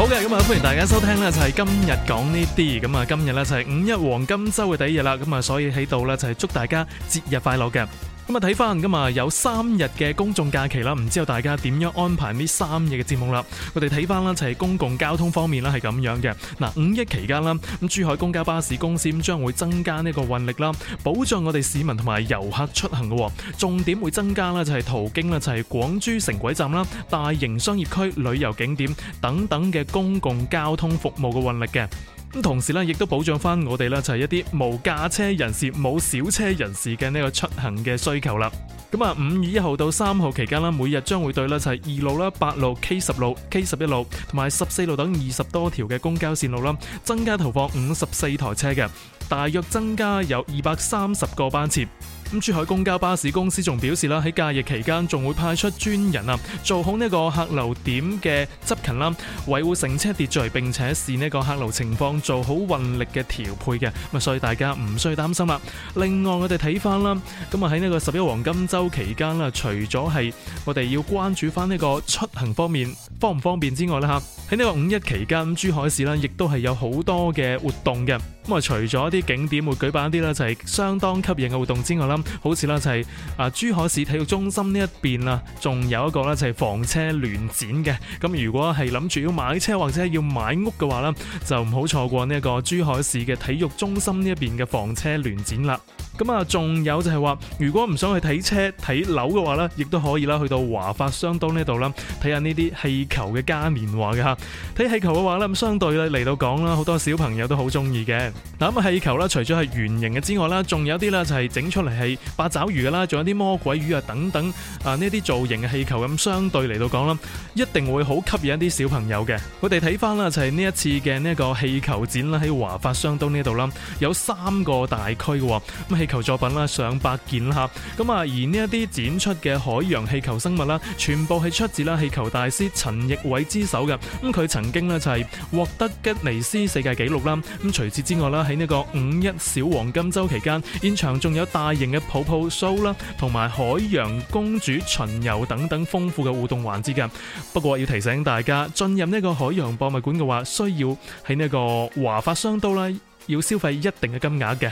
好嘅，咁啊歡迎大家收聽啦，就係今日講呢啲，咁啊今日咧就係五一黃金周嘅第一日啦，咁啊所以喺度咧就係祝大家節日快樂嘅。咁啊，睇翻咁啊，有三日嘅公眾假期啦，唔知道大家點樣安排呢三日嘅節目啦？我哋睇翻啦，就係公共交通方面啦，係咁樣嘅。嗱，五一期間啦，咁珠海公交巴士公司將會增加呢個運力啦，保障我哋市民同埋遊客出行嘅。重點會增加啦，就係途經啦，就係廣珠城軌站啦、大型商業區、旅遊景點等等嘅公共交通服務嘅運力嘅。咁同時咧，亦都保障翻我哋咧就係一啲無駕車人士、冇小車人士嘅呢個出行嘅需求啦。咁啊，五月一號到三號期間呢，每日將會對呢，就係二路啦、八路、K 十路、K 十一路同埋十四路等二十多條嘅公交線路啦，增加投放五十四台車嘅。大約增加有二百三十個班次咁。珠海公交巴士公司仲表示啦，喺假日期間仲會派出專人啊，做好呢個客流點嘅執勤啦，維護乘車秩序，並且視呢個客流情況做好運力嘅調配嘅。咁所以大家唔需要擔心啦。另外我們，我哋睇翻啦，咁啊喺呢個十一黃金周期間啦，除咗係我哋要關注翻呢個出行方面方唔方便之外咧，吓喺呢個五一期間，珠海市啦亦都係有好多嘅活動嘅。咁啊，除咗一啲景點會舉辦一啲咧，就係相當吸引嘅活動之外啦，好似啦，就係啊珠海市體育中心呢一邊啊，仲有一個咧就係房車聯展嘅。咁如果係諗住要買車或者要買屋嘅話咧，就唔好錯過呢一個珠海市嘅體育中心呢一邊嘅房車聯展啦。咁啊，仲有就係話，如果唔想去睇車睇樓嘅話咧，亦都可以啦，去到華發商都呢度啦，睇下呢啲氣球嘅嘉年華嘅吓，睇氣球嘅話咧，咁相對咧嚟到講啦，好多小朋友都好中意嘅。嗱，咁啊，氣球啦，除咗係圓形嘅之外啦，仲有啲啦就係整出嚟係八爪魚噶啦，仲有啲魔鬼魚啊等等啊呢啲造型嘅氣球，咁相對嚟到講啦，一定會好吸引一啲小朋友嘅。我哋睇翻啦就係、是、呢一次嘅呢一個氣球展啦，喺華發商都呢度啦，有三個大區嘅，咁氣球作品啦上百件啦吓，咁啊，而呢一啲展出嘅海洋氣球生物啦，全部係出自啦氣球大師陳奕偉之手嘅。咁佢曾經咧就係獲得吉尼斯世界紀錄啦，咁除此之，之我啦喺呢個五一小黃金周期間，現場仲有大型嘅泡泡 show 啦，同埋海洋公主巡遊等等豐富嘅互動環節嘅。不過要提醒大家，進入呢個海洋博物館嘅話，需要喺呢個華發商都啦，要消費一定嘅金額嘅。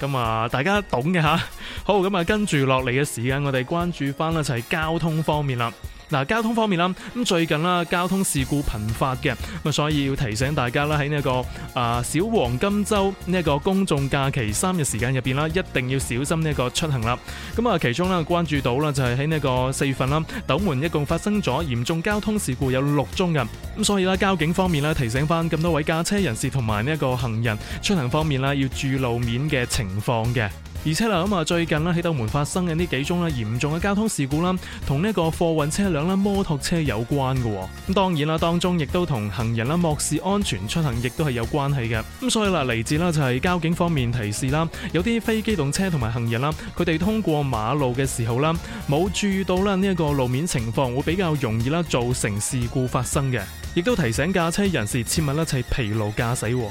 咁啊，大家懂嘅吓。好，咁啊，跟住落嚟嘅時間，我哋關注翻就係交通方面啦。嗱，交通方面啦，咁最近啦，交通事故頻發嘅，咁所以要提醒大家啦，喺呢一個啊小黃金周呢一個公眾假期三日時間入邊啦，一定要小心呢一個出行啦。咁啊，其中啦，關注到啦，就係喺呢個四月份啦，斗門一共發生咗嚴重交通事故有六宗嘅，咁所以呢，交警方面咧提醒翻咁多位駕車人士同埋呢一個行人出行方面啦，要注意路面嘅情況嘅。而且啦，咁啊，最近啦，喺斗門發生嘅呢幾宗啦，嚴重嘅交通事故啦，同呢一個貨運車輛啦、摩托車有關嘅。咁當然啦，當中亦都同行人啦，漠視安全出行，亦都係有關係嘅。咁所以啦，嚟自啦就係交警方面提示啦，有啲非機動車同埋行人啦，佢哋通過馬路嘅時候啦，冇注意到啦呢一個路面情況，會比較容易啦造成事故發生嘅。亦都提醒駕車人士切勿一齊疲勞駕駛。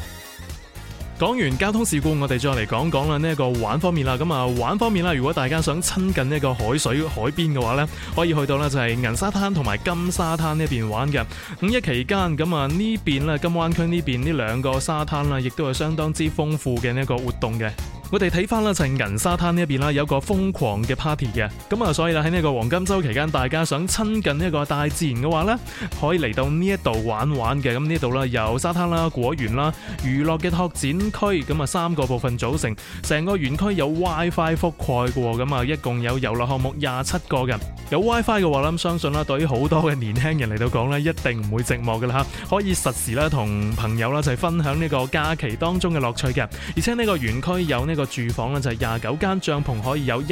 講完交通事故，我哋再嚟講講啦呢一個玩方面啦。咁啊玩方面啦，如果大家想親近呢個海水海邊嘅話呢，可以去到呢就係銀沙灘同埋金沙灘呢邊玩嘅。五一期間，咁啊呢邊呢金灣區呢邊呢兩個沙灘啦，亦都係相當之豐富嘅呢個活動嘅。我哋睇翻啦，就銀沙灘呢一邊啦，有個瘋狂嘅 party 嘅，咁啊，所以啦喺呢個黃金周期間，大家想親近呢個大自然嘅話呢，可以嚟到呢一度玩玩嘅。咁呢度啦，由沙灘啦、果園啦、娛樂嘅拓展區，咁啊三個部分組成，成個園區有 WiFi 覆蓋喎。咁啊一共有遊樂項目廿七個嘅，有 WiFi 嘅話咧，相信啦，對於好多嘅年輕人嚟到講呢，一定唔會寂寞㗎啦，可以實時啦同朋友啦就分享呢個假期當中嘅樂趣嘅，而且呢個園區有呢。呢個住房咧就係廿九間帳篷，可以有一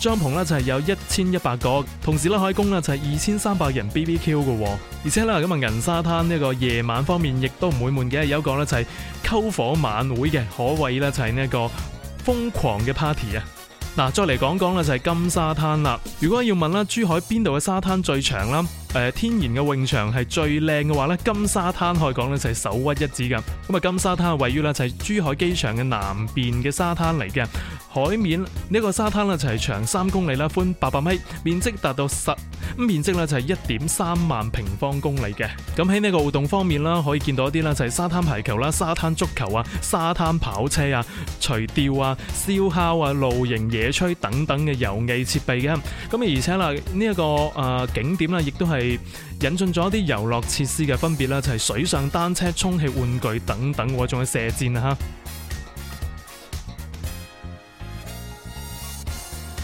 帳篷呢就係有一千一百個，同時咧可以供啦就係二千三百人 B B Q 嘅，而且呢，咁啊銀沙灘呢個夜晚方面亦都唔會悶嘅，有一個咧就係篝火晚會嘅，可謂呢就係呢一個瘋狂嘅 party 啊！嗱，再嚟講講呢就係金沙灘啦，如果要問啦珠海邊度嘅沙灘最長啦？誒、呃、天然嘅泳場係最靚嘅話咧，金沙灘可以講咧就係首屈一指㗎。咁啊，金沙灘位於咧就係、是、珠海機場嘅南邊嘅沙灘嚟嘅，海面呢一、這個沙灘咧就係、是、長三公里啦，寬八百米，面積達到十面積咧就係一點三萬平方公里嘅。咁喺呢個活動方面啦，可以見到一啲咧就係沙灘排球啦、沙灘足球啊、沙灘跑車啊、垂釣啊、燒烤啊、露營野炊等等嘅遊藝設備嘅。咁而且啦，呢、這、一個誒、呃、景點咧，亦都係引進咗一啲遊樂設施嘅分別咧，就係、是、水上單車、充氣玩具等等，我仲喺射箭啊！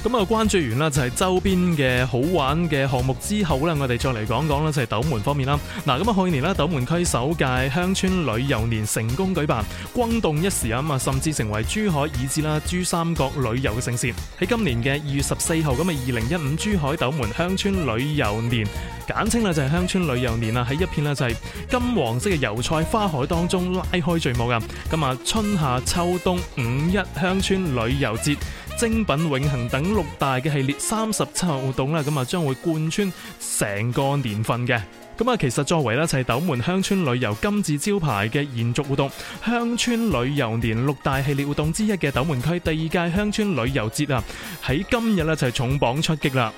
咁啊，關注完啦，就係周邊嘅好玩嘅項目之後呢，我哋再嚟講講啦，就係斗門方面啦。嗱，咁啊，去年咧，斗門區首屆鄉村旅遊年成功舉辦，轟動一時啊，啊，甚至成為珠海以至啦珠三角旅遊嘅盛事。喺今年嘅二月十四號咁啊，二零一五珠海斗門鄉村旅遊年，簡稱咧就係鄉村旅遊年啊，喺一片咧就係金黃色嘅油菜花海當中拉開序幕噶。咁啊，春夏秋冬五一鄉村旅遊節，精品永恒等六大嘅系列三十七項活動啦，咁啊將會貫穿成個年份嘅。咁啊，其實作為咧就係斗門鄉村旅遊金字招牌嘅延續活動，鄉村旅遊年六大系列活動之一嘅斗門區第二屆鄉村旅遊節啊，喺今日咧就係重磅出擊啦。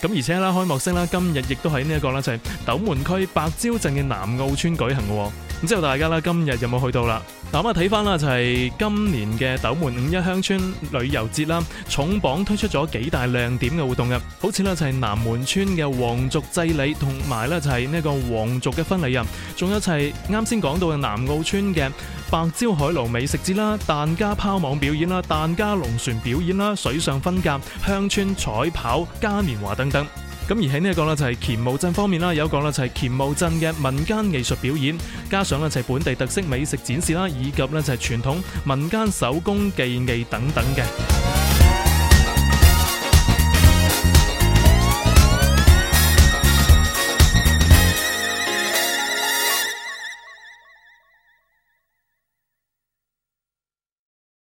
咁而且啦，開幕式啦今日亦都喺呢一個咧就係斗門區白蕉鎮嘅南澳村舉行嘅。咁之後大家啦，今日有冇去到啦？嗱，咁啊睇翻啦，就係今年嘅斗門五一鄉村旅遊節啦，重磅推出咗幾大亮點嘅活動嘅，好似咧就係南門村嘅皇族祭禮，同埋咧就係呢一個皇族嘅婚禮日，仲有就係啱先講到嘅南澳村嘅白蕉海螺美食節啦、疍家拋網表演啦、疍家龍船表演啦、水上婚嫁、鄉村彩跑、嘉年華等等。咁而喺呢一個呢就係乾務鎮方面啦，有講呢就係乾務鎮嘅民間藝術表演，加上呢就係本地特色美食展示啦，以及呢就係傳統民間手工技藝等等嘅。